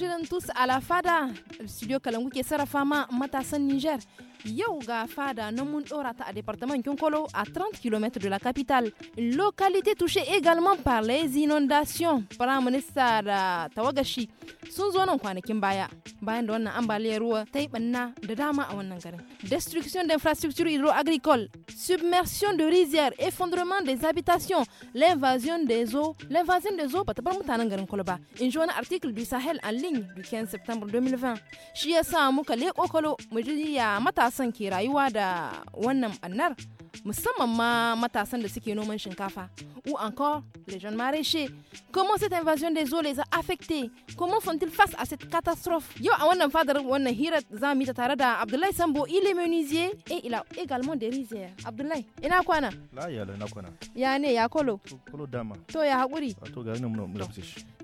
shirin tus alafada studio kalangu ke sarrafa ma matasan niger Yoga fada Nomun, mun département Kionkolo à 30 km de la capitale localité touchée également par les inondations prime tawagashi bayan da wannan a destruction d'infrastructures hydro-agricoles submersion de rizières effondrement des habitations l'invasion des eaux l'invasion des eaux garin article du Sahel en ligne du 15 septembre 2020 Shia sa muka matasan ke rayuwa da wannan annar musamman ma matasan da suke noman shinkafa ou encore les jeunes maraîchers comment cette invasion des eaux les a affectés comment font-ils face à cette catastrophe yo a wannan fadar wannan hira za mu ta tare da Abdoulaye Sambo il est menuisier et il a également des rizières Abdoulaye ina kwana la ya la na kwana ya ne ya kolo kolo dama to ya hakuri to ga nan mun da shi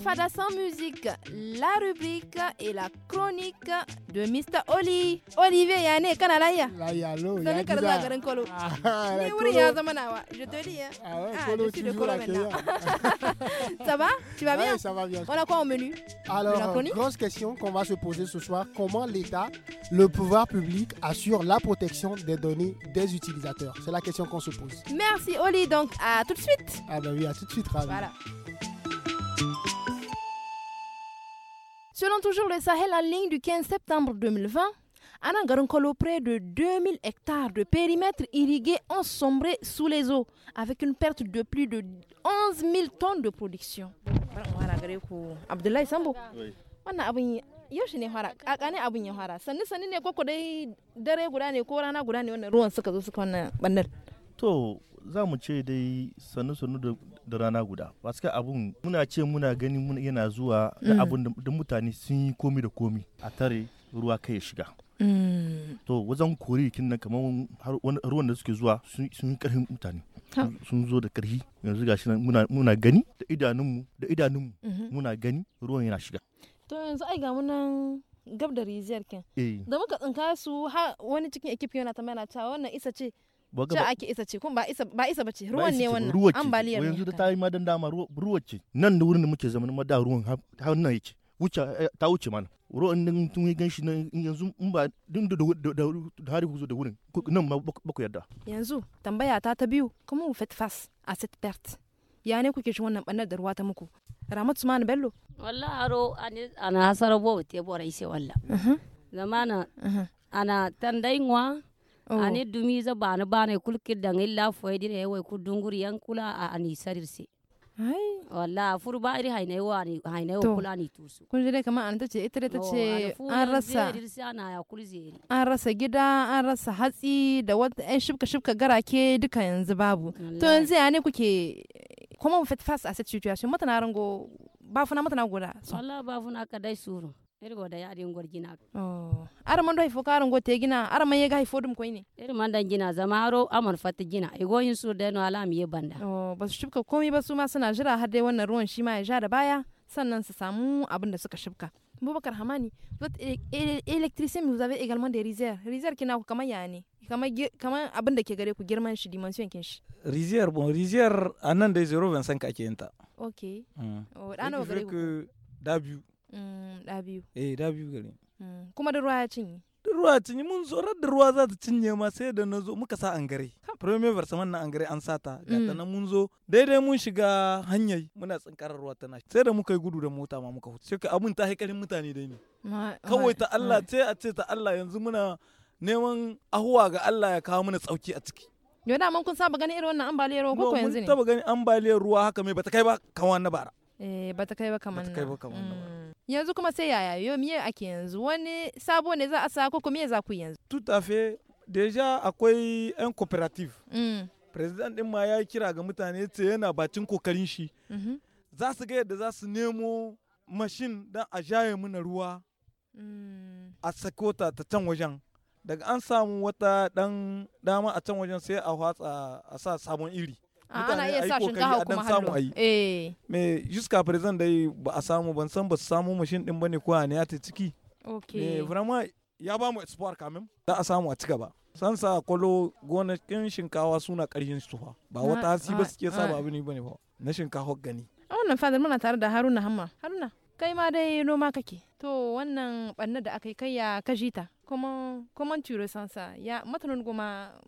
fada sans musique, la rubrique et la chronique de Mr. Oli. Olivier Je te dis. Hein. Ah, ah je suis ça va Tu vas bien bien. On a quoi au menu Alors, grosse question qu'on va se poser ce soir. Comment l'État le pouvoir public assure la protection des données des utilisateurs C'est la question qu'on se pose. Merci Oli, donc à tout de suite. Ah ben oui, à tout de suite Ravi. Voilà. Selon toujours le Sahel en ligne du 15 septembre 2020, à près de 2000 hectares de périmètres irrigués ont sous les eaux, avec une perte de plus de 11 000 tonnes de production. Oui. yaushe ne fara kakane abin ya fara sannu sannu ne ko dai dare guda ne ko rana guda ne wannan ruwan suka zo suka wannan bannar to za mu ce dai sannu sannu da rana guda paske abun muna ce muna gani yana zuwa da mm. abun da mutane sun yi komi da komi a tare ruwa kai ya shiga mm. to wajen kori kin nan kamar ruwan da suke zuwa sun yi karfin mutane sun zo da karfi yanzu gashi nan muna gani da idanunmu da idanunmu mm-hmm. muna gani ruwan yana shiga to yanzu ai ga nan gab da rijiyar kin eh. da muka tsinka su ha wani cikin ekip yana ta mana cewa wannan isa ce ja ake isa ce kuma ba isa ba isa bace ruwan ne wannan ambaliyar yanzu da ta yi madan dama ruwan ce nan da wurin da muke zaman ma da ruwan ha wannan yake wuce eh, ta wuce mana ruwan din tun yi ganshi nan yanzu in ba din da da hari huzo da wurin nan ma bako yarda yanzu tambaya ta ta biyu kuma mu faites a à cette perte ya ne kuke shi wannan bannar da ruwa ta muku ramatu mani bello walla aro ani ana hasara bo te bora ise walla zamana ana tandai ngwa oh. ani dumi za bana bana kulkir dan illa foydi ne wai ku dunguri yan kula a ani sarirse ai walla fur ba iri haine wa ani haine wa kula ni tusu kun jire kamar oh, an tace itare tace an rasa an rasa gida an rasa hatsi da wata eh, shibka shibka garake duka yanzu babu to yanzu ya ne kuke Comment vous faites face à cette situation Matana rango bafuna matana goda. Wallah bafuna kadai suru. irgo da yarin gorgina oh ara mando haifo karan go te gina ara man yega haifo dum koyne irin man dan gina zama haro amar fata gina ai goyin su da no alam ye banda oh basu shibka komai ba su ma suna jira har dai wannan ruwan shi ma ya jara da baya sannan su samu abin da suka shibka bubakar hamani e, e, electricien vous avez également des rizières rizières kina ku kamar ya kamar abin da ke gare ku girman shi dimension kin shi rizière bon rizière a nan dai 0.25 ake yinta. Ok. Hmm. ok oh, da nawa eh, gare ku da biyu hmm, da biyu eh da biyu gare hmm, kuma da ruwa ya cinye duk ruwa ya cinye mun tsoron da ruwa za ta cinye ma sai da na zo muka sa an gare premier versaman na an gare an sata ga ta mm. nan mun zo daidai mun shiga hanyar muna tsinkarar ruwa tana sai da muka yi gudu da mota ma muka huta sai abun ta haikarin mutane dai ne kawai ta Allah ce a ce ta Allah yanzu muna neman ahuwa ga Allah ya kawo mana tsauki a ciki yau da mun kun saba gani irin wannan ambaliyar ruwa ko yanzu ne mun taba gani ambaliyar ruwa haka mai bata kai ba kaman na bara eh bata kai ba kaman na bara mm. yanzu kuma sai yaya yau miye ake yanzu wani sabo ne za a sa ko miye za ku yanzu tout à fait déjà akwai yan cooperative mm. president din ma ya kira ga mutane ce yana bacin kokarin shi mm-hmm. za su ga yadda za su nemo mashin don a jaye mana ruwa mm. a sakota ta can wajen daga an samu wata dan dama a can wajen sai a watsa a sa sabon iri ana iya sa shinkafa kuma hallo ayi. Eh. me jusqu'à présent dai ba a samu ban san ba su samu mashin din bane ko ne ya ta ciki okay vraiment ya ba mu espoir kamin da a samu a ci gaba san sa kwallo gonakin shinkawa suna ƙarshen su ba wata ah, hasi ba ah, suke sa ba ah. abu ne bane ba na shinkafa gani a wannan fadar muna tare da haruna hamma haruna kai ma dai noma kake to wannan banna da aka yi kai ya kaji ta kuma kuma turo sansa ya matanin goma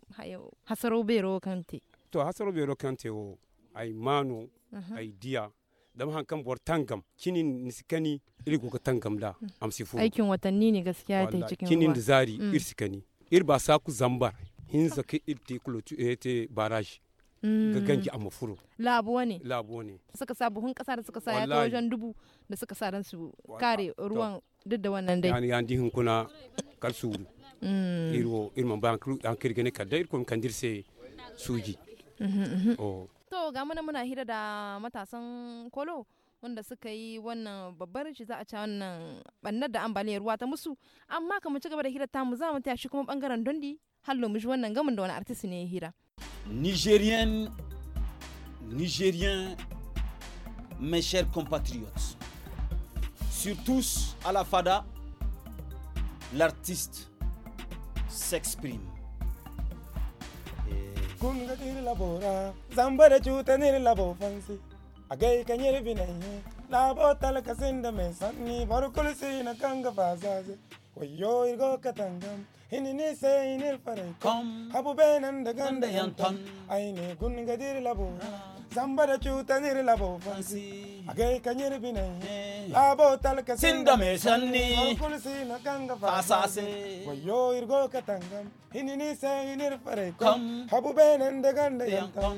hasaro bero kante to hasaro be ro kante o ay mano ay diya dam hankan bor tangam kinin nisikani iri ko tangam da mm. am fu. aikin watanni ne gaskiya ta cikin kinin mm. eh, mm. da zari sikani. ir ba sa ku zambar hin zaka irte kulotu ete barrage ga ganji a furo labuwa ne labuwa ne suka sa buhun kasa da suka sa ya wajen dubu da suka sa ran su kare ruwan duk da wannan dai yani yandi dihin kuna kalsuru iri man ban an kirgene kadda irkon kandirse suji Mm-hmm, mm-hmm. Oh. to ga muna muna hira da matasan kolo wanda suka yi wannan babbar shi za a ci wannan bannar da ambaliyar ruwa ta musu amma kamar ci gaba da hira mu za mu ta shi kuma bangaren dondi hallo mu ji wannan gamin da wani artist ne ya hira nigerian Nigerian mes chers compatriotes surtout à la fada l'artiste s'exprime kunga kirla bora zambara chuta nirla bo fansi agai kanyere binai na bo tala sinda me sanni barukul na kanga fazaze wayo irgo katangam hinini se inil farai kom habu benanda ganda yanton aine kunga la bora zambara cuta nir labo fansi agay kanyir bine eh. labo talka sinda me sanni kulsi na ganga fasase wayo irgo katangam hinini se hinir fare kom habu benende ganda yankam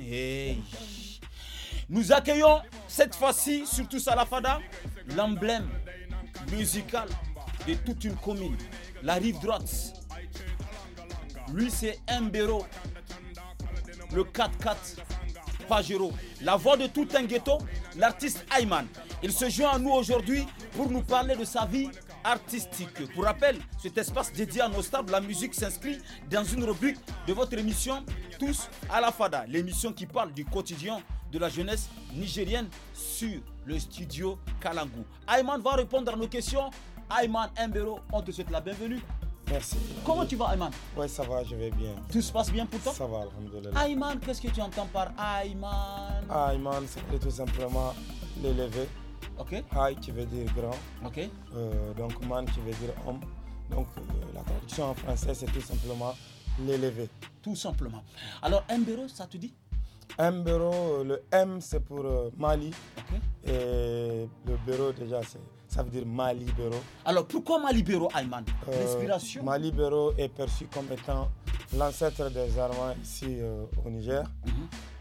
hey nous accueillons cette fois-ci, surtout Salafada, l'emblème musical de toute une commune, la rive droite. Lui, c'est Mbero, le 4-4 la voix de tout un ghetto, l'artiste Ayman. Il se joint à nous aujourd'hui pour nous parler de sa vie artistique. Pour rappel, cet espace dédié à nos stars la musique s'inscrit dans une rubrique de votre émission Tous à la Fada, l'émission qui parle du quotidien de la jeunesse nigérienne sur le studio Kalangu. Ayman va répondre à nos questions. Ayman Mbero, on te souhaite la bienvenue Merci. Comment tu vas, Ayman Oui, ça va, je vais bien. Tout se passe bien pour toi Ça va, Alhamdoulilah. Ayman, qu'est-ce que tu entends par Ayman ah, Ayman, c'est tout simplement l'élevé. Ok. Ay qui veut dire grand. Ok. Euh, donc man qui veut dire homme. Donc euh, la traduction en français, c'est tout simplement l'élever. Tout simplement. Alors, Mbero, ça te dit un euh, bureau, le M c'est pour Mali okay. et le bureau déjà c'est ça veut dire Malibéro. Alors pourquoi Malibéro, Ayman L'inspiration euh, Malibero est perçu comme étant l'ancêtre des Armands ici euh, au Niger. Mhm.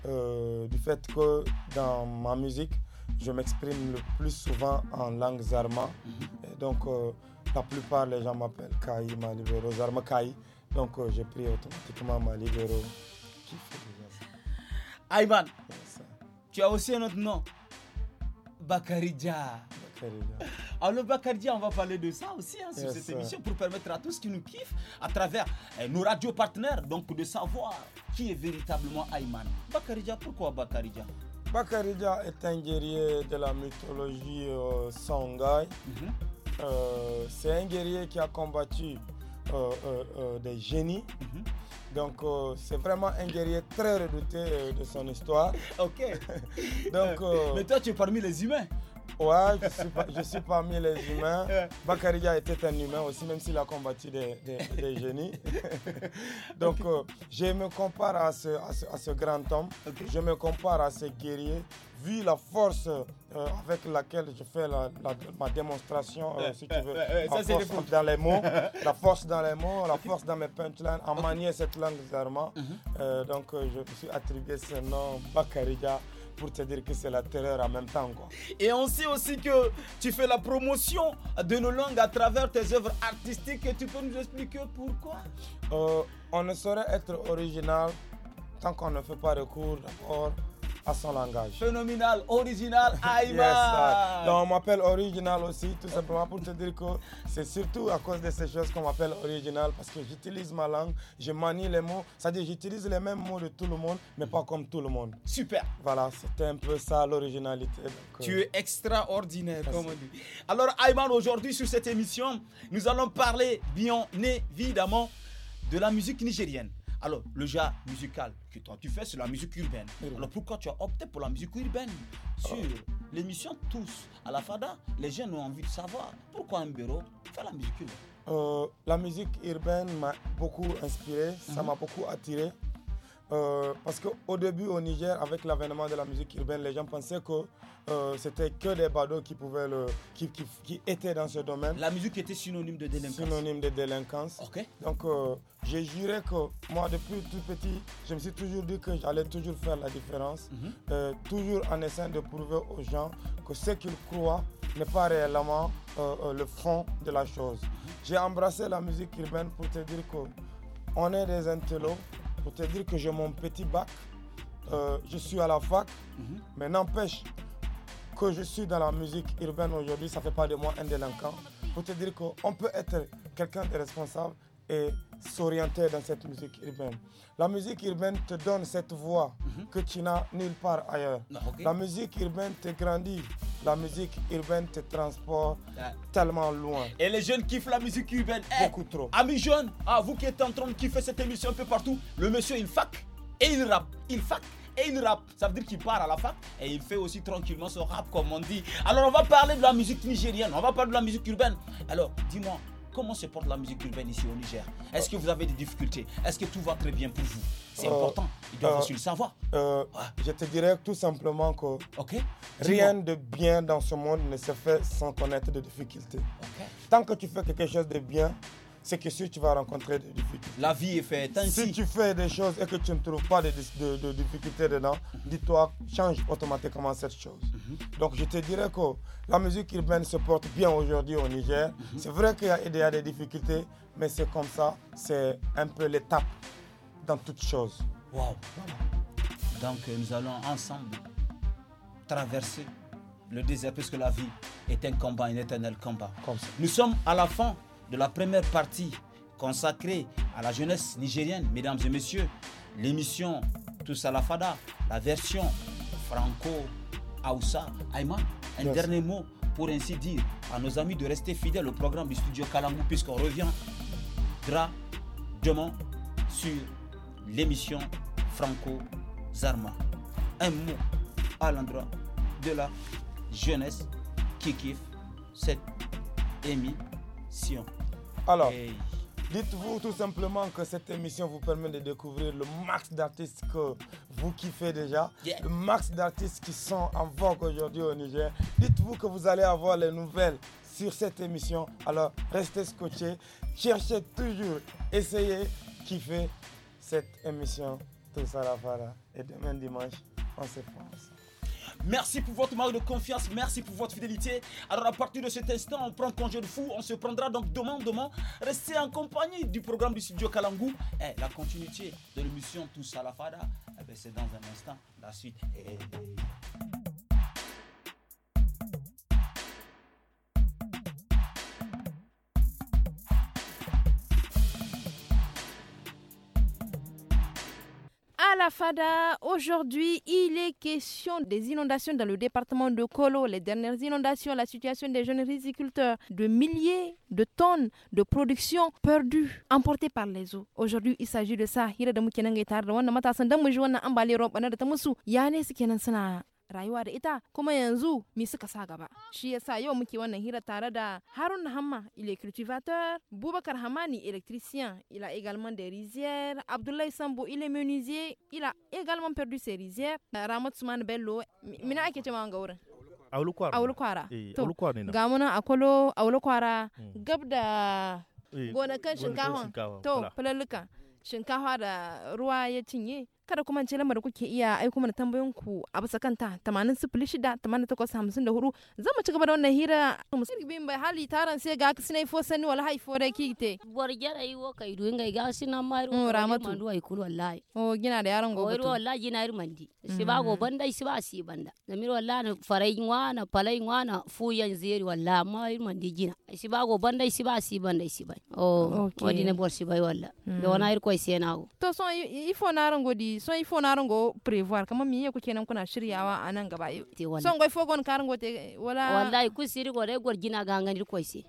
Euh, du fait que dans ma musique, je m'exprime le plus souvent en langue zarma. Mhm. donc la plupart les gens m'appellent Kai Malibéro, Zarma Kai. Donc j'ai pris automatiquement Malibero. Ayman, tu as aussi un autre nom Bakaridja. Alors Bakaridja, on va parler de ça aussi hein, sur cette émission pour permettre à tous qui nous kiffent à travers eh, nos radios partenaires donc de savoir qui est véritablement Ayman. Bakaridja, pourquoi Bakaridja Bakaridja est un guerrier de la mythologie euh, Songhai. Mhm. Euh, c'est un guerrier qui a combattu euh, des génies. Mhm. Donc, c'est vraiment un guerrier très redouté de son histoire. Ok. Donc, Mais toi, tu es parmi les humains. Ouais, je suis, parmi les humains. Bakaria était un humain aussi, même s'il a combattu des, génies. Donc, euh, je me compare à ce, grand homme. Je me compare à ce guerrier. Vu la force euh, avec laquelle je fais ma démonstration, euh, si tu veux, la dans les mots, la force dans les mots, la force dans mes punchlines, à manier cette langue d'armement. Mm-hmm. donc, je me suis attribué ce nom, Bakaria pour te dire que c'est la terreur en même temps. Et on sait aussi que tu fais la promotion de nos langues à travers tes œuvres artistiques. Et tu peux nous expliquer pourquoi euh, On ne saurait être original tant qu'on ne fait pas recours d'abord à son langage. Phénoménal, original, Aïman. on m'appelle original aussi, tout simplement pour te dire que c'est surtout à cause de ces choses qu'on m'appelle original parce que j'utilise ma langue, je manie les mots, c'est-à-dire j'utilise les mêmes mots de tout le monde, mais pas comme tout le monde. Super. Voilà, c'était un peu ça l'originalité. Tu euh, es extraordinaire, comme on dit. Alors Aïman aujourd'hui sur cette émission, nous allons parler bien évidemment de la musique nigérienne. Alors, le genre musical que toi tu fais, c'est la musique urbaine. Mm. Alors, pourquoi tu as opté pour la musique urbaine Sur ah. l'émission Tous à la FADA, les jeunes ont envie de savoir pourquoi un bureau fait la musique urbaine. Euh, la musique urbaine m'a beaucoup inspiré, ça mm-hmm. m'a beaucoup attiré. Euh, parce qu'au début au Niger, avec l'avènement de la musique urbaine, les gens pensaient que euh, c'était que des badauds qui, pouvaient le, qui, qui, étaient dans ce domaine. La musique était synonyme de délinquance. Synonyme de délinquance. Donc euh, j'ai juré que moi, depuis tout petit, je me suis toujours dit que j'allais toujours faire la différence, mhm. toujours en essayant de prouver aux gens que ce qu'ils croient n'est pas réellement le fond de la chose. Mhm. J'ai embrassé la musique urbaine pour te dire que on est des intellos pour te dire que j'ai mon petit bac. Euh, je suis à la fac, mhm. mais n'empêche que je suis dans la musique urbaine aujourd'hui, ça ne fait pas de moi un délinquant. Pour te dire qu'on peut être quelqu'un de responsable s'orienter dans cette musique urbaine. La musique urbaine te donne cette voix mhm. que tu n'as nulle part ailleurs. Ah, la musique urbaine te grandit. La musique urbaine te transporte ah. tellement loin. Et les jeunes kiffent la musique urbaine. Eh, Beaucoup trop. Amis jeunes, ah, vous qui êtes en train de kiffer cette émission un peu partout, le monsieur il fac et il rappe. Il fac et il rap. Ça veut dire qu'il part à la fac et il fait aussi tranquillement son rap comme on dit. Alors on va parler de la musique nigérienne, on va parler de la musique urbaine. Alors dis-moi, Comment se porte la musique urbaine ici au Niger Est-ce que vous avez des difficultés Est-ce que tout va très bien pour vous C'est euh, important. Il doit euh, aussi le savoir. Euh, je te dirais tout simplement que rien de bien dans ce monde ne se fait sans connaître des difficultés. Tant que tu fais quelque chose de bien, c'est que si tu vas rencontrer des difficultés. La vie est faite ainsi. Si tu fais des choses et que tu ne trouves pas de, difficultés dedans, mhm. dis-toi, change automatiquement cette chose. Mhm. Donc je te dirais que la musique mène se porte bien aujourd'hui au Niger. Mhm. C'est vrai qu'il y, a des difficultés, mais c'est comme ça, c'est un peu l'étape dans toute chose. Waouh. Donc euh, nous allons ensemble traverser le désert, puisque la vie est un combat, un éternel combat. Comme ça. Nous sommes à la fin de la première partie consacrée à la jeunesse nigérienne, mesdames et messieurs, l'émission Tous à la Fada, la version franco-aoussa. Ayman, un dernier mot pour ainsi dire à nos amis de rester fidèles au programme du studio Kalamou, puisqu'on revient demain sur l'émission Franco Zarma. Un mot à l'endroit de la jeunesse qui kiffe cette émission. Alors, dites-vous tout simplement que cette émission vous permet de découvrir le max d'artistes que vous kiffez déjà, le max d'artistes qui sont en vogue aujourd'hui au Niger. Dites-vous que vous allez avoir les nouvelles sur cette émission. Alors, restez scotchés, cherchez toujours, essayez, kiffez cette émission. Tout la Et demain dimanche, on se pense. Merci pour votre marque de confiance, merci pour votre fidélité. Alors à partir de cet instant, on prend congé de fou, on se prendra donc demain, demain. Restez en compagnie du programme du studio Kalangu. Et eh, la continuité de l'émission Tous à la Fada, eh ben, c'est dans un instant la suite. FADA, aujourd'hui, il est question des inondations dans le département de Kolo. Les dernières inondations, la situation des jeunes riziculteurs, de milliers de tonnes de production perdues, emportées par les eaux. Aujourd'hui, il s'agit de ça. rayuwa da ita kuma yanzu mi suka sa gaba shi yasa yau muke wannan hira tare da Harun Hamma il est cultivateur Hamani electrician il a également des rizières Sambo il est menuisier il a également perdu ses rizières Ramat suman Bello mina ake cewa wanga wurin aulukwara aulukwara eh, to ga muna akolo aulukwara hmm. gab da eh, gonakan shinkafa to falalluka shinkafa da ruwa ya cinye kada kuma ce lamar kuke iya aiko mana tambayoyin ku a bisa kanta 806854 mu ci gaba da wannan hira musulmi bin bai hali taran sai ga kasina ifo sani wala haifo da kite wargera yi wo kai duin ga ga sina mai ro ramatu mandu ai kul wallahi o gina da yaron gobe to wallahi gina ir mandi si ba go banda si ba si banda da wallahi farai wa na palai wa na fu yan zeri wallahi mai mandi gina si ba go banda si ba si banda si ba o wadi ne bor si bai wallahi da wana ir koi sena go to so ifo naron godi i so ifo narango prevoir kama mi yako kenan kuna shiryawa a nan gaba son goy fogon karango te wala wallahi ku siri ko gore gorgina ganganir koise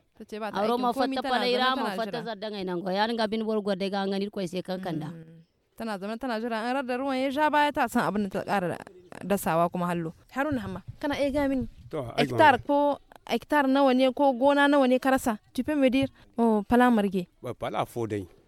aro ma fatta pala ira ma fatta zadda ngai nan go yan ga bin bor gorde ko sai kan kanda mm. tana zaman tana jira an radda ruwan ya ja baya ta san abin da ta kara dasawa kuma hallo haruna hamma kana ga iya gamin hectare ko hectare nawa ne ko gona nawa ne ka rasa tu peux me oh, pala marge ba pala fodai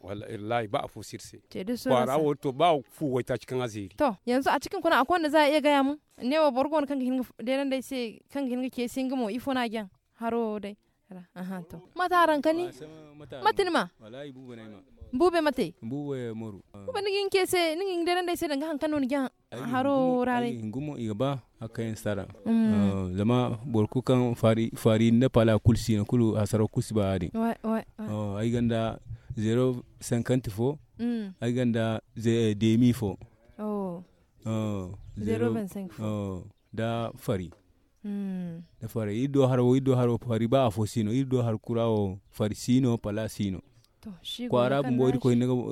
wallahi ba a fo sirse kwara wato ba fu wai ta cikin aziri to yanzu a cikin kuna akwai wanda za a iya gaya mu ne wa borgo kan gihin denan dai sai kan hinga ke sin gimo ifo na gyan haro dai aha to mata ni matin ma wallahi bubu na ma bube mate bube moru bube nigin kese nigin deran dai daga hankan kanun gyan haro rare ngumo igaba akayen sara mm. ah, zama borku kan fari fari na pala kulsi na kulu asaro kusi ba adi ah, ai ganda 0,50 fo mm. ay ganda eh, demi fo oh. oh, 0,25 fo oh, da fari mm. da fari iddo haro iddo haro fari ba a fo sino iddo har kurawo fari sino pala sino ko arabu mbo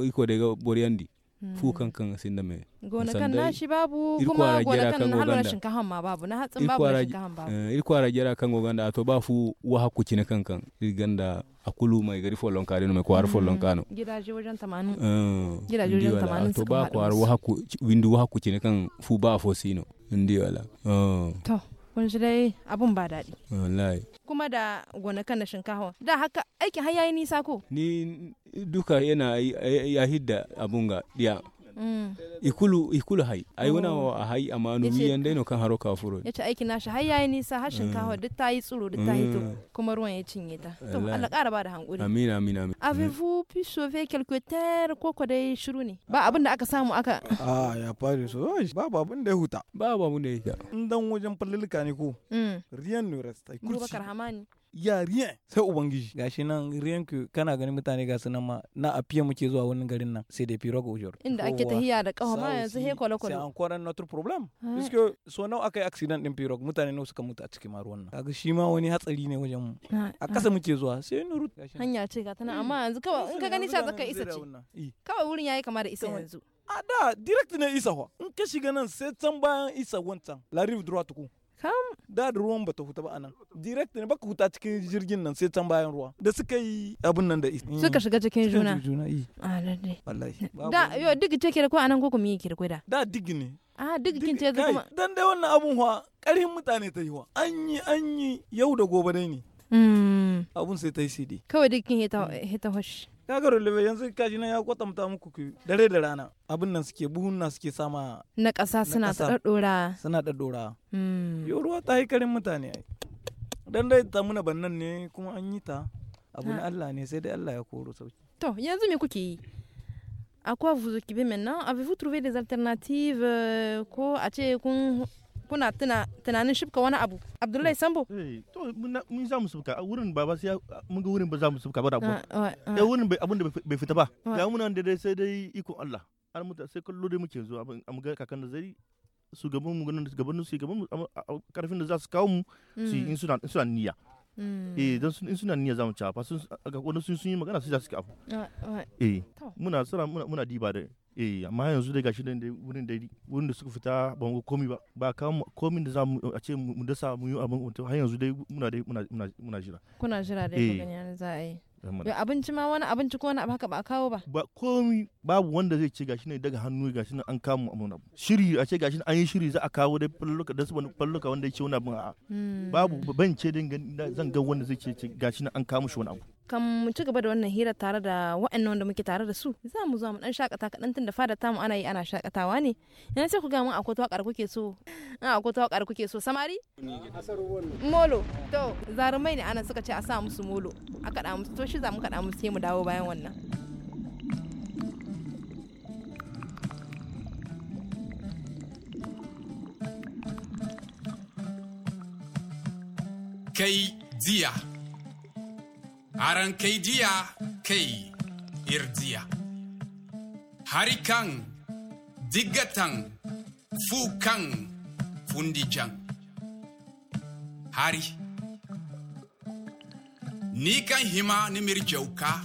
irko daga boriyandi fu hmm. kan kan sin da me gonakan na shi babu kuma gonakan na halwa shinkafa ma babu na hatsin babu na shinkafa babu eh, irkwara gera kan goganda ato ba fu wa hakku cine kan kan irganda akulu mai gari folon kare mai kwar folon hmm. kano gidaje wajen 80 eh, gidaje wajen 80 to ba kwar wa hakku windu wa hakku cine kan fu ba fo sino ndi wala eh. to kun ji dai abun ba daɗi. Wallahi. Kuma da gonakan na shinkafa. Da haka aikin har yayi nisa ko? Ni duka yana yahid da abun ga diya. Mm. ikulu ikulu hai ai wani wa oh. hai amanu mi yanda ino kan haro kafuro yace aikin nashi har yayi nisa har mm. shinkafa duk ta yi tsiro duk ta to mm. kuma ruwan ya cinye ta to Allah ƙara ba da hankuri amin amin amin A vous pu sauver quelque terre ko ko dai shiru ne ba abin da aka samu aka a ah, ya fare so babu abin da ya huta babu abin da ya huta in dan wajen fallilka ne ko riyan ne rasta kurci ya rien sai ubangiji gashi nan rien ku kana ganin mutane ga sunan ma na afiya muke zuwa wani garin nan sai da pirogo ujur inda ake tahiya da kawo ma yanzu he kwalo kwalo sai an kwaran notre problem iske so nawa akai yi accident din pirogo mutane nau suka mutu a cikin ma ruwan nan kaga shi ma wani hatsari ne wajen mu a kasa muke zuwa sai ni rut hanya ce ga tana amma yanzu kawai in ka gani ta zaka isa ce kawai wurin yayi kama da isa yanzu a da direct ne isa wa in ka shiga nan sai can bayan isa wancan la rive droite ku kam da ruwan bata huta ba anan direct ne baka huta cikin jirgin nan sai can bayan ruwa da suka yi abun nan da suka shiga cikin juna juna eh. a ah, lalle wallahi da yo duk ce ko anan ko kuma yi kirko da da digi ne a ah, duk kin ce kuma dan dai wannan abun huwa karhin mutane ta yi wa an yi an yi yau da gobe dai ne Mm. abun sai ta yi cd kawai dukkin hita Ka kaga lebe yanzu kaji na ya kwatanta muku ku dare da rana abin nan suke na suke sama na ƙasa suna ta suna daddora mm. yau ruwa ta yi karin mutane ai dan dai ta muna bannan ne kuma an yi ta abu na Allah ne sai dai Allah ya koro sauki to yanzu me kuke yi a quoi vous occupez maintenant avez-vous trouvé des alternatives ko euh, a ce kun kuna tunanin shibka wani abu abdullahi sambo eh, to mun za mu subka wurin ba ba sai mun ga wurin ba za mu subka ba da abu ah, ah, ah. wurin abin da bai fita ba ga muna da dai sai dai iko Allah an muta sai kallo dai muke zo abin mu ga kakan da zari su gaban mu gaban su gaban mu karfin da za su kawo mu su mm. in suna niyya eh don sun suna niyya zamu ci fa sun ga wani sun yi magana su da suke abu eh muna tsara muna diba da eh amma yanzu dai gashi nan wurin da wurin da suka fita ban ga komi ba ba ka komin da zamu a ce mu dasa mu yi abin har yanzu dai muna dai muna muna jira kuna jira dai ga ganin za a yi abinci ma wani abinci ko wani abu haka ba a kawo ba ba komi babu wanda zai ce gashi ne daga hannu gashi nan an kamu mu abu shiri a ce gashi an yi shiri za a kawo dai falluka da su falluka wanda ya ce wani abu a hmm. babu ban ce zan ga wanda zai ce gashi nan an kawo shi wani abu kan mu ci gaba da wannan hira tare da wa'annan wanda muke tare da su za mu zo mu dan shakata kaɗan tun da fada ta mu ana yi ana shakatawa ne yana sai ku ga mun akwai tawakar kuke so a akwai tawakar kuke so samari molo to zarumai ne ana suka ce a sa musu molo a kaɗa musu to shi za mu kaɗa musu sai mu dawo bayan wannan kai jiya Arankeidia kei irdia. Harikang, digatang, fukang, fundijang. Hari. Ni kan hima ni mirjauka,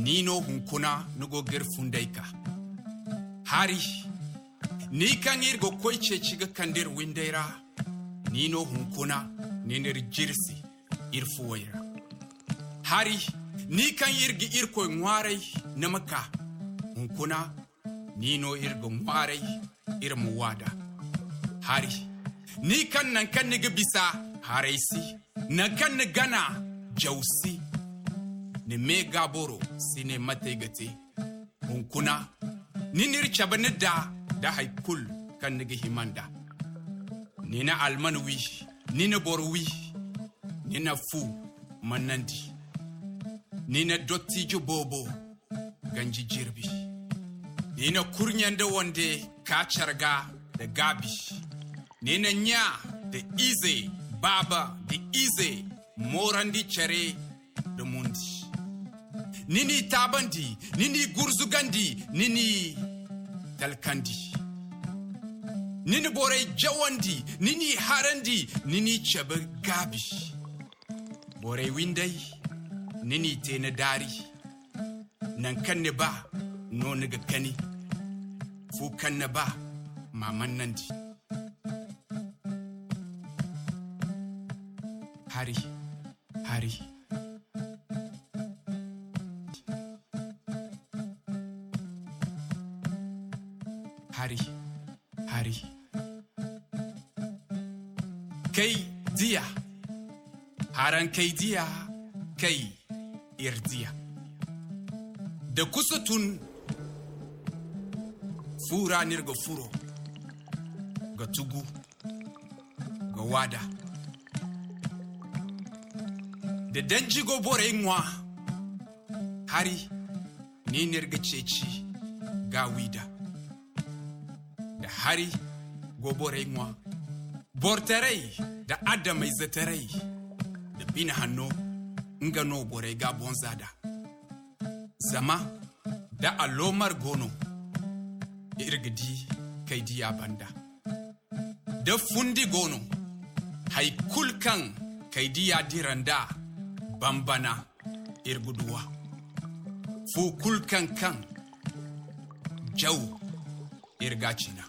ni no hunkuna gir fundaika. Hari. Ni kan irgo koiche chiga kandir windaira, ni no hunkuna neneri jirsi irfuwaira. hari ni kan irgi irkoy ŋwaray na maka hunkuna ni no irga ŋwaray irma wada hari ni kan nan kan niga bisa haraisi nan kan ni gana jausi ni me gaboro sine mataigate hunkuna ni nircaba ni da da haikul kan ni himanda ni na almanwi ni na borwi ni na fu manandi. nina dottijo bobo ganji jirbi nina kurnyande wonde kacarga da gabi nina nya de ize baba de ize morandi chere da mundi nini tabandi nini gurzugandi nini talkandi nini bore jawandi nini harandi nini cebe gabi bore windai nini te na dari nan kan ne ba no ni ga kani fu kan ne ba maman nan di hari hari hari hari kai diya haran kai diya kai irdiya da kusutun fura nirga furo ga tugu ga wada da danjigo gobore inwa hari ni nirga ceci ga wida da hari gobore inwa bortarai da adamai zatarai da bina hannu nga bore ga bonzada zama da alomar gono irgidi kai diya banda da fundi gono haikulkan kai diya diranda bambana irguduwa fukulkan kan jau irgacina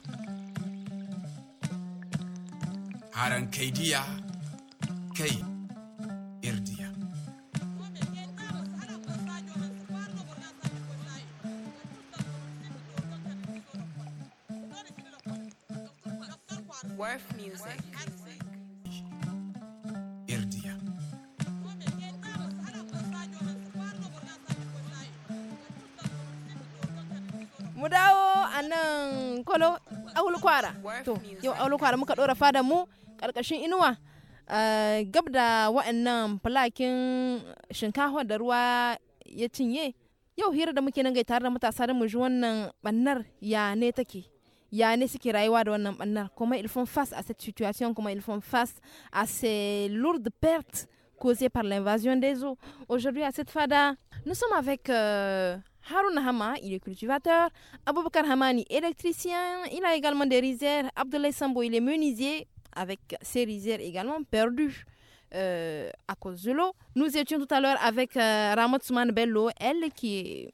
haran kai diya kai to yau a lokacin muka dora fada mu karkashin inuwa eh, gab da wa'annan fulakin shinkafa da ruwa ya cinye yau hira da muke nan gai tare da matasa da mu ji wannan bannar ya ne take ya ne suke rayuwa da wannan bannar kuma ils font face à cette situation kuma ils font face à ces lourdes pertes causées par l'invasion des eaux aujourd'hui à cette fada nous sommes avec euh, Harun Hama, il est cultivateur. Aboubakar Hamani, électricien. Il a également des rizières. Abdoulaye Sambo, il est menuisier, avec ses rizières également perdues. Euh, à cause de l'eau. Nous étions tout à l'heure avec euh, Bello, elle qui est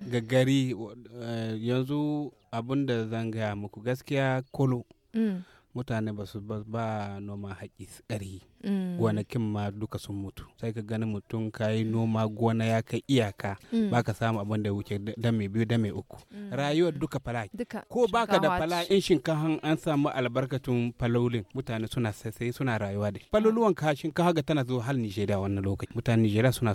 gaggari eh, yanzu abin da zan gaya muku gaskiya kolo mm. mutane ba su ba noma haƙi tsari mm. gonakin ma duka sun mutu sai ka gani mutum ka yi noma gona ya kai iyaka mm. ba ka samu abin da wuce da mai biyu da mai uku mm. rayuwar duka falaki ko baka da fala in shinkahan an samu albarkatun falolin mutane suna sai suna rayuwa da faloluwan ka shinkaha ga tana zuwa hal Nijeriya wannan lokaci mutane Nijeriya suna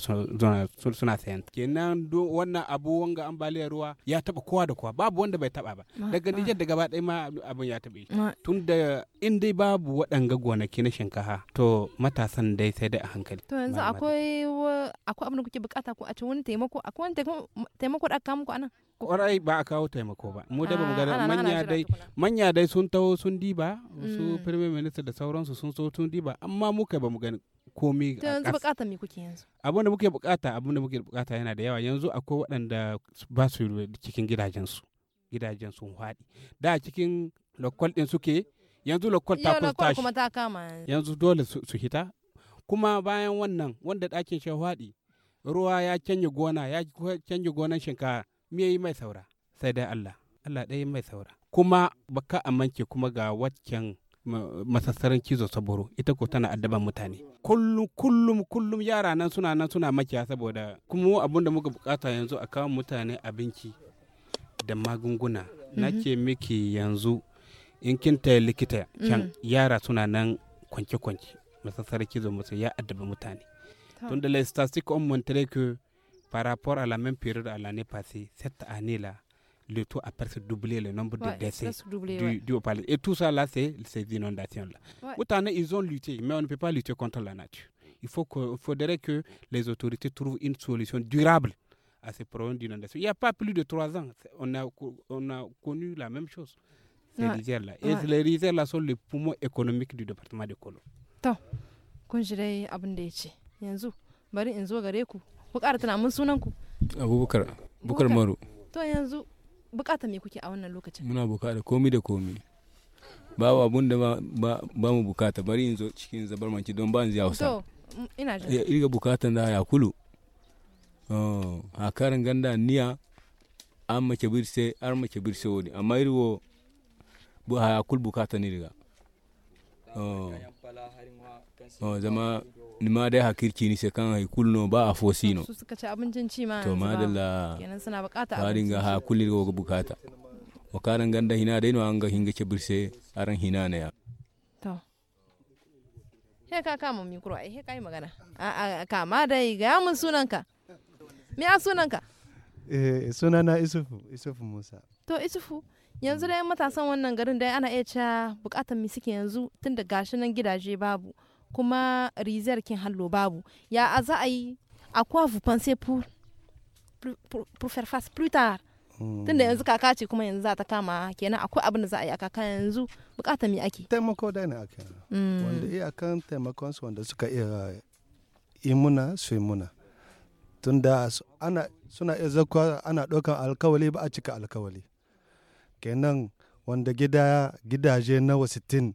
suna sayan kenan wannan abu wanga ambaliyar ruwa ya taba kowa da kowa babu wanda bai taba ba daga Nijar da gaba ɗaya ma abin ya taɓa tun da in dai babu waɗanga gonaki na shinkafa to matasan dai sai dai a hankali to yanzu akwai akwai abin da kuke bukata ko a ci wani taimako akwai wani taimako da aka muku anan kwarai ba a kawo taimako ba mu da bamu ga ah, manya dai manya dai sun taho sun diba su firmin mm. minista da sauransu sun so sun diba amma muka bamu gani komi a yanzu bukata me kuke yanzu abin da muke bukata abin da muke bukata yana da yawa yanzu akwai waɗanda ba su cikin gidajensu gidajen sun haɗi da cikin lokal ɗin suke yanzu lakwal ta kuma ta kama yanzu dole su hita kuma bayan wannan wanda ɗakin shahwaɗi ruwa ya canja gona ya canja gonan shinkafa me yi mai saura sai dai Allah Allah dai mai saura kuma baka amince kuma ga waccan masassaran kizo saboro ita ko tana addaban mutane kullum kullum kullum yara nan suna nan suna makiya saboda kuma abun da muka bukata yanzu a kawo mutane abinci da magunguna mhm. nake miki yanzu les statistiques ont montré que par rapport à la même période à l'année passée cette année là le taux a presque doublé le nombre de décès du, Et tout ça, là, c'est ces inondations-là. ils ont lutté, mais on ne peut pas lutter contre la nature. Il faut que, faudrait que les autorités trouvent une solution durable à ces problèmes d'inondation. Il n'y a pas plus de trois ans, on a, on a connu la même chose. ces ouais. rizières-là. Et ouais. les rizières-là sont les poumons économiques du département de Kolo. To, kun shi dai abin da ya ce. Yanzu, bari in zo gare ku. sunan ku. Abubakar, Bukar maru. To yanzu, bukata me kuke a wannan lokacin? Muna bukata komi da komi. Babu abun da ba mu bukata bari in zo cikin zabarmanci don ba in ziya Hausa. To, ina jin. Irga bukata da ya kulu. Oh, a karin ganda niya an birse, an mace birse wani. Amma irwo haya kul bukata ni diga oh. oh zama ni ma dai hakirki ni sai kan hay kul no ba a fosi no su suka ci abincin ci ma to madalla kenan suna bukata ha dinga ha kul ni go bukata wa karan ganda hina dai no an ga hinga ce birse aran hina na ya to he ka ka mu mikro ai he kai magana a ma dai ga mun sunanka me a sunanka eh sunana isufu isufu musa to isufu yanzu 'yan matasan wannan garin da ana iya cewa bukatar mi suke yanzu tun da gashi nan gidaje babu kuma rizar kin hallo babu ya a za a yi a quoi vous pensez pour pour, faire face plus tard hmm. tun da yanzu kaka ce kuma yanzu za ta kama kenan akwai abin da za a yi a kaka yanzu bukatar mi ake taimako da ne ake hmm. wanda iya kan taimakon su wanda suka iya yi muna su muna tun da ana suna iya zakwa ana ɗaukar alkawali ba a cika alkawali kenan wanda gida gidaje nawa sittin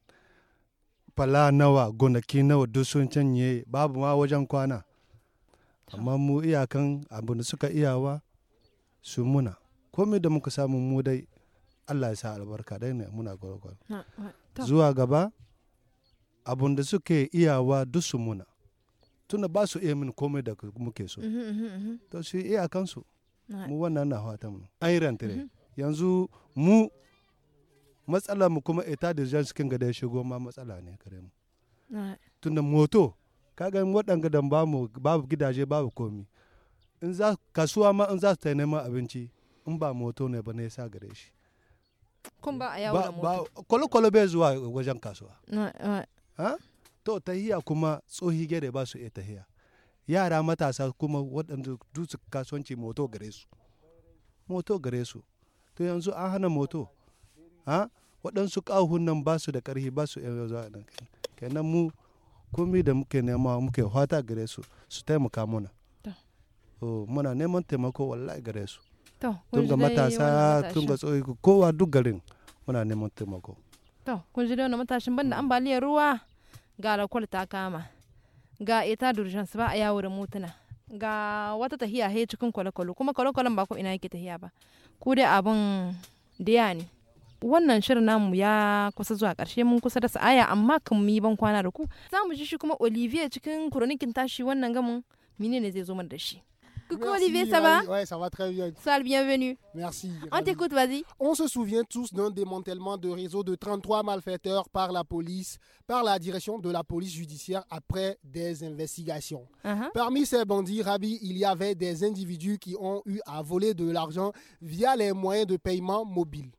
fala nawa gonaki nawa duk sun canye babu ma wajen kwana amma mu iyakan abu da suka iyawa su muna komai da muka samu mu dai allah ya sa albarka dai ne muna gwargwaro zuwa gaba abun da suke iyawa duk su muna tunda ba su iya min komai da muke so to su iyakansu mu wannan na ta mu an yi rantare yanzu mu matsala mu kuma ita da jan cikin gada ya shigo ma matsala ne kare mu tunda moto kaga waɗanga da babu gidaje babu komi in za kasuwa ma in za su ta neman abinci in ba moto ne ba ne ya sa gare shi kun ba a yawo da moto kolo-kolo bai zuwa wajen kasuwa to tahiya kuma tsohi gere ba su iya tahiya yara matasa kuma waɗanda dutse kasuwanci moto gare su moto gare su to yanzu an hana moto ha waɗansu ƙahun nan ba su da ƙarfi ba su yan zuwa nan kenan mu komi da muke nema muke fata gare su su taimaka mana muna neman taimako wallahi gare su tun ga matasa tun ga tsohi kowa duk garin muna neman taimako to kun ji da wani matashin banda mm. ambaliyar ruwa ga rakwal ta kama ga ita su ba a yawo da mutuna ga wata tahiya he cikin kwale-kwale kuma kwale-kwalen ba ko ina yake tahiya ba ku dai abun diya ne wannan shirin namu ya kusa zuwa karshe mun kusa da sa'aya amma kan mu yi ban kwana da ku za mu ji shi kuma olivier cikin kuronikin tashi wannan gamin ne zai zo mana da shi Coucou Olivier, ça va Ouais, ça va très bien. Sois le Merci. On t'écoute, vas-y. On se souvient tous d'un démantèlement de réseau de 33 malfaiteurs par la police, par la direction de la police judiciaire après des investigations. Uh-huh. Parmi ces bandits, Rabi, il y avait des individus qui ont eu à voler de l'argent via les moyens de paiement mobiles.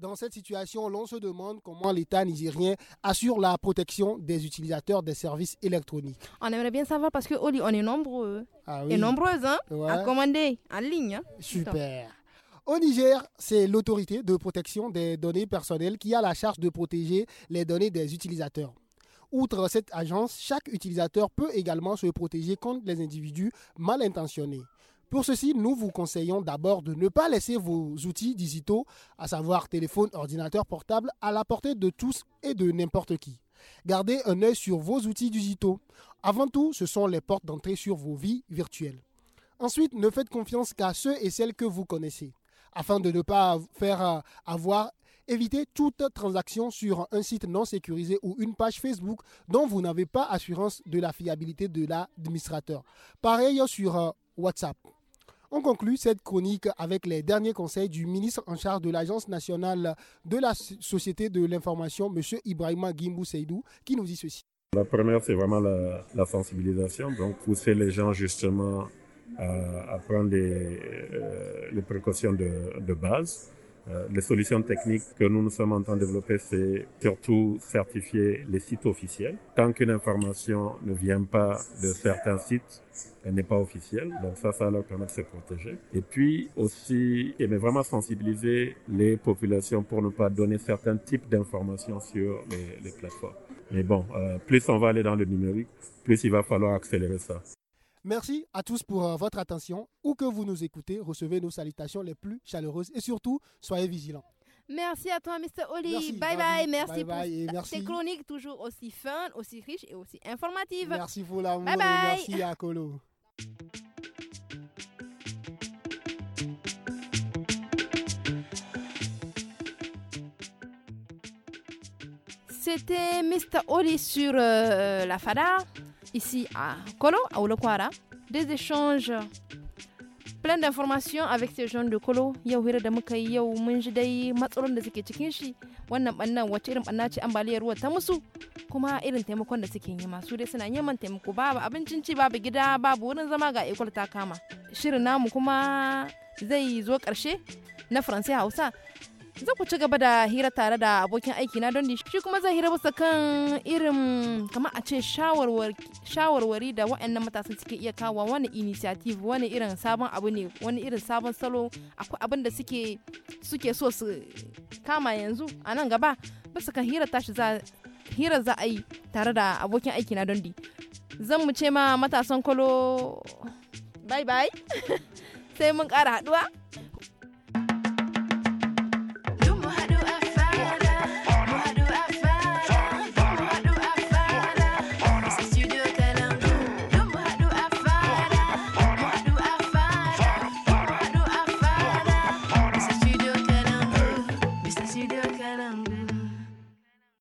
Dans cette situation, l'on se demande comment l'État nigérien assure la protection des utilisateurs des services électroniques. On aimerait bien savoir parce que on est nombreux hein. ah et nombreuses hein, à commander en ligne. Hein. Super. Au Niger, c'est l'autorité de protection des données personnelles qui a la charge de protéger les données des utilisateurs. Outre cette agence, chaque utilisateur peut également se protéger contre les individus mal intentionnés. Pour ceci, nous vous conseillons d'abord de ne pas laisser vos outils digitaux, à savoir téléphone, ordinateur portable, à la portée de tous et de n'importe qui. Gardez un œil sur vos outils digitaux. Avant tout, ce sont les portes d'entrée sur vos vies virtuelles. Ensuite, ne faites confiance qu'à ceux et celles que vous connaissez. Afin de ne pas faire euh, avoir, évitez toute transaction sur un site non sécurisé ou une page Facebook dont vous n'avez pas assurance de la fiabilité de l'administrateur. Pareil sur euh, WhatsApp. On conclut cette chronique avec les derniers conseils du ministre en charge de l'Agence nationale de la Société de l'information, M. Ibrahima Gimbou Seydou, qui nous dit ceci. La première, c'est vraiment la, sensibilisation, donc pousser les gens justement à, prendre euh, les, précautions de base euh, les solutions techniques que nous nous sommes en train de développer, c'est surtout certifier les sites officiels. Tant qu'une information ne vient pas de certains sites, elle n'est pas officielle. Donc ça, ça leur permet de se protéger. Et puis aussi, vraiment sensibiliser les populations pour ne pas donner certains types d'informations sur les, les, plateformes. Mais bon, euh, plus on va aller dans le numérique, plus il va falloir accélérer ça. Merci à tous pour euh, votre attention. Où que vous nous écoutez, recevez nos salutations les plus chaleureuses et surtout, soyez vigilants. Merci à toi, Mr. Oli. bye, bye, merci pour ces chroniques toujours aussi fun, aussi riches et aussi informatives. Merci pour l'amour. Bye bye. merci à Colo. C'était Mr. Oli sur euh, la Fada. ici à Kolo, à Olokwara, des échanges plein d'informations avec ces jeunes de Kolo. Yau hira da muka yi yau mun ji dai matsalolin da suke cikin shi wannan bannan wace irin banna ce ambaliyar ruwa ta musu kuma irin taimakon da suke yi masu dai suna neman taimako babu abincin ci babu gida babu wurin zama ga ikwal ta kama. Shirin namu kuma zai zo ƙarshe na Faransai Hausa Zan ku ci gaba da hira tare da abokin aiki na don shi kuma zan hira musu kan irin kamar a ce shawarwari da wa'annan matasan suke iya kawo wani initiative wani irin sabon abu ne wani irin sabon salo akwai abin da suke suke so su kama yanzu a nan gaba bisa kan hira tashi za hira za a yi tare da abokin aiki na dondi zan mu ce ma matasan kwalo bye bye sai mun kara haɗuwa